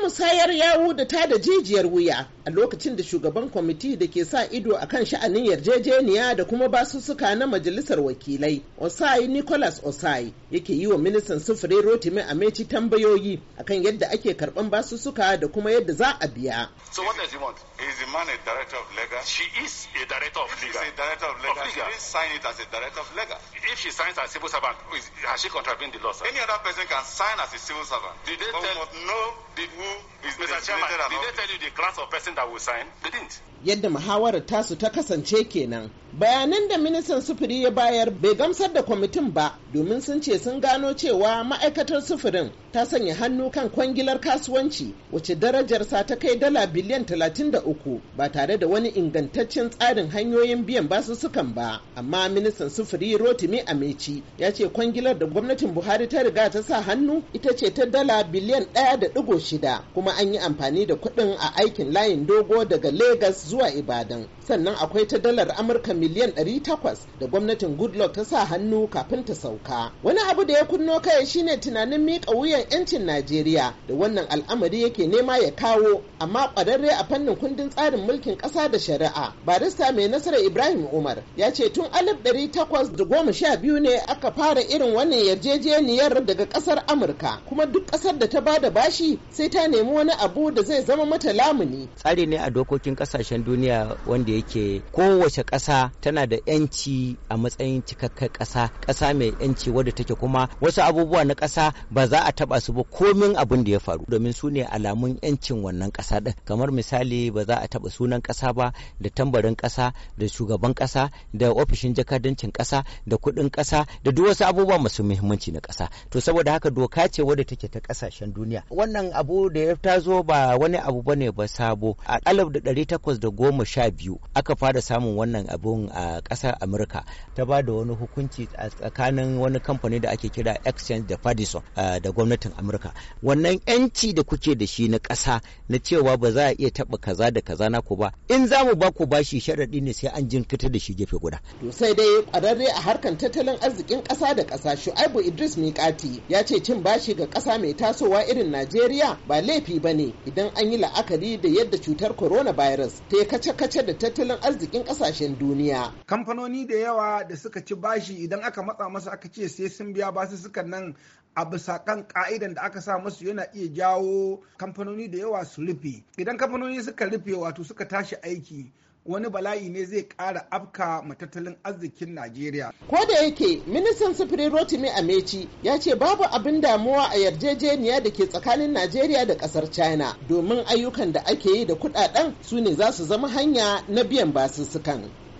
musayar yawu da ta da jijiyar wuya a lokacin da shugaban kwamiti da ke sa ido a kan sha'anin yarjejeniya da kuma basu suka na majalisar wakilai osai nicholas osai yake yi wa ministan sufuri rotimi ameci tambayoyi akan yadda ake karban basu suka da kuma yadda za a biya so what does he want is the man a director of legal she is a director of legal she is a director of legal, of legal. she didn't sign it as a director of legal if she signs as civil servant has she contravened the law sir? any other person can sign as a civil servant did they but tell no Did they tell you the class of person that will sign? They didn't. Yadda muhawarar tasu ta kasance kenan bayanan da ministan sufuri ya bayar bai gamsar da kwamitin ba domin sun ce sun gano cewa ma'aikatar sufurin ta sanya hannu kan kwangilar kasuwanci wacce darajarsa ta kai dala biliyan 33 ba tare da wani ingantaccen tsarin hanyoyin biyan sukan ba amma ministan sufuri rotimi ameci ya ce kwangilar da gwamnatin buhari ta riga ta sa hannu ita ce ta dala biliyan 1.6 kuma an yi amfani da kuɗin a aikin layin dogo daga Legas zuwa ibadan sannan akwai ta dalar amurka miliyan 800 da gwamnatin goodluck ta sa hannu kafin ta sauka wani abu da ya kunno kai shine tunanin miƙa wuyan 'yancin najeriya da wannan al'amari yake nema ya kawo amma ƙwararre a fannin kundin tsarin mulkin ƙasa da shari'a barista mai nasarar ibrahim umar ya ce tun 1812 ne aka fara irin wannan yarjejeniyar daga ƙasar amurka kuma duk ƙasar da ta bada bashi sai ta nemi wani abu da zai zama mata lamuni tsari ne a dokokin ƙasashen duniya wanda yake kowace ƙasa tana da 'yanci a matsayin cikakken ƙasa ƙasa mai 'yanci wadda take kuma wasu abubuwa na ƙasa ba za a taɓa su ba komin abin da ya faru domin su ne alamun 'yancin wannan ƙasa ɗin kamar misali ba za a taɓa sunan ƙasa ba da tambarin ƙasa da shugaban ƙasa da ofishin jakadancin ƙasa da kuɗin ƙasa da duk wasu abubuwa masu muhimmanci na ƙasa to saboda haka doka ce wadda take ta ƙasashen duniya wannan abu da ya ta zo ba wani abu bane ba sabo a 1812 aka fara samun wannan abun abun a kasar amurka ta ba da wani hukunci a tsakanin wani kamfani da ake kira exchange da Fadison da gwamnatin Amurka. Wannan 'yanci da kuke da shi na ƙasa na cewa ba za a iya taba kaza da kaza na ku ba. In za mu ba ku bashi sharaɗi ne sai an jinkirta da shi gefe guda. To sai dai ƙwararre a harkar tattalin arzikin ƙasa da ƙasa Shu'aibu Idris Mikati ya ce cin bashi ga ƙasa mai tasowa irin Najeriya ba laifi ba ne idan an yi la'akari da yadda cutar coronavirus ta yi kace-kace da tattalin arzikin ƙasashen duniya. duniya. Kamfanoni da yawa da suka ci bashi idan aka matsa masa aka ce sai sun biya basu suka nan a bisa kan ka'idan da aka sa musu yana iya jawo kamfanoni da yawa su rufe. Idan kamfanoni suka rufe wato suka tashi aiki wani bala'i ne zai ƙara afka matattalin arzikin Najeriya. Ko da yake ministan sufuri Rotimi Amechi ya ce babu abin damuwa a yarjejeniya da ke tsakanin Najeriya da ƙasar China domin ayyukan da ake yi da kudaden su ne za su zama hanya na biyan basussukan.